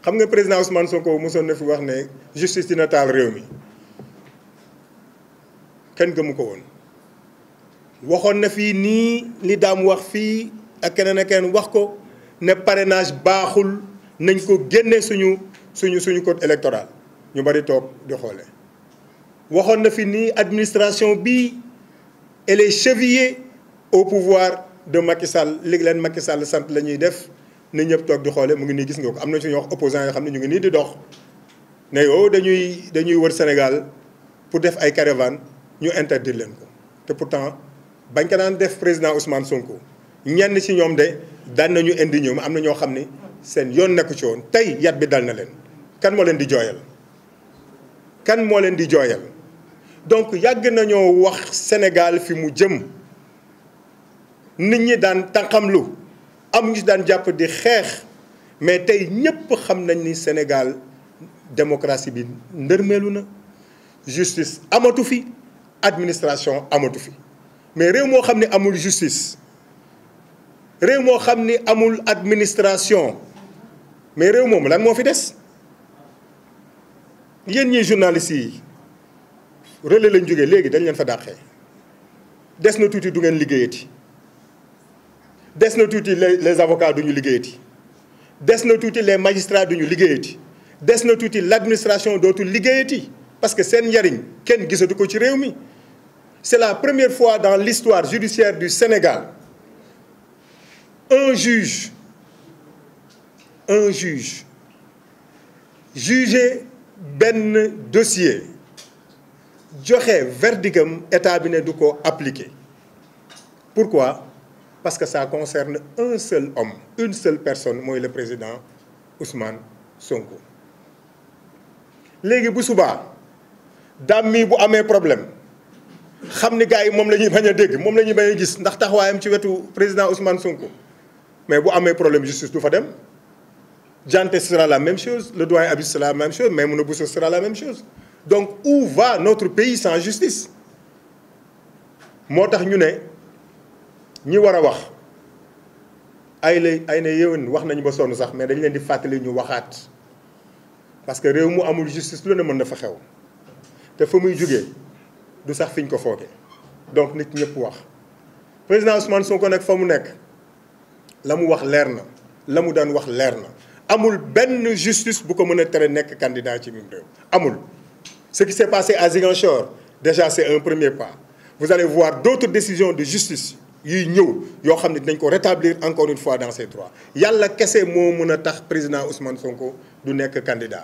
xam nga président Ousmane Sonko mosoon na fi wax ne justice dina taal réew mi kenn gëmu ko woon waxoon na fii nii li daam wax fii ak keneen ak keneen wax ko ne parrainage baaxul nañ ko génne suñu suñu suñu code électoral ñu bari toog di xoole waxoon na fi nii administration bi elle est chevillée au pouvoir de Macky Sall léegi leen Macky Sall sant la ñuy def na ñëpp toog di xoole mu ngi nii gis nga ko am na ci wax opposant yoo xam ne ñu ngi nii di dox ne yow dañuy dañuy wër Sénégal pour def ay caravane ñu interdire leen ko te pourtant bañ ko daan def président Ousmane Sonko ñenn ci ñoom de daan nañu indi ñoom am na ñoo xam ni seen yoon nekk ci woon tey yat bi dal na leen kan moo leen di jooyal kan moo leen di jooyal donc yàgg nañoo wax Sénégal fi mu jëm nit ñi daan tànqamlu am ñu daan jàpp di xeex mais tey ñëpp xam nañ ni Sénégal démocratie bi ndërmeelu na justice amatu fi administration amatu fi mais réew moo xam ne amul justice réew moo xam ni amul administration mais réew moom lan moo fi des yéen ñi journalistes yi relais lañ jógee léegi dañ leen fa dàqee des na tuuti du ngeen liggéeyati. des na tuuti le les avocats du ñu liggéeyati des na tuuti les magistrats du ñu liggéeyati des na tuuti l' administration dootul liggéeyati parce que seen njariñ kenn gisadu ko ci réew mi. c' est la première fois dans l'histoire judiciaire du Sénégal un juge un juge jugé benn dossier joxe verdictam état bi ne du ko appliquer pourquoi. parce que ça concerne un seul homme une seule personne mooy le président Ousmane Sonko léegi bu subaa daam mii bu amee problème xam ni gars yi moom la ñuy bañ a dégg moom la ñuy bañ a gis ndax taxawaayam ci wetu président Ousmane Sonko mais bu amee problème justice du fa dem Diante sera la même chose le doyen Habib sera la même chose Maïmouna Bousso sera la même chose donc où va notre pays sans justice moo tax ñu ne. ñi war a wax ay lay ay na yéwén wax nañu ba sonn sax mais dañ leen di fàttali ñu waxaat parce que réew mu amul justice lu ne mën na fa xew te fa muy jógee du sax fiñ ko fooge donc nit ñëpp wax président Ousmane Sonko nag fa mu nekk la mu wax leer na la mu daan wax leer na amul benn justice bu ko mën a tere nekk candidat ci même réew amul ce qui s'est passé à Ziguinchor déjà c'est un premier pas vous allez voir d'autres décisions de justice yi ñëw yoo xam ne dañ ko rétablir encore une fois dans ses droits yàlla kese moo mën a tax président Ousmane Sonko du nekk candidat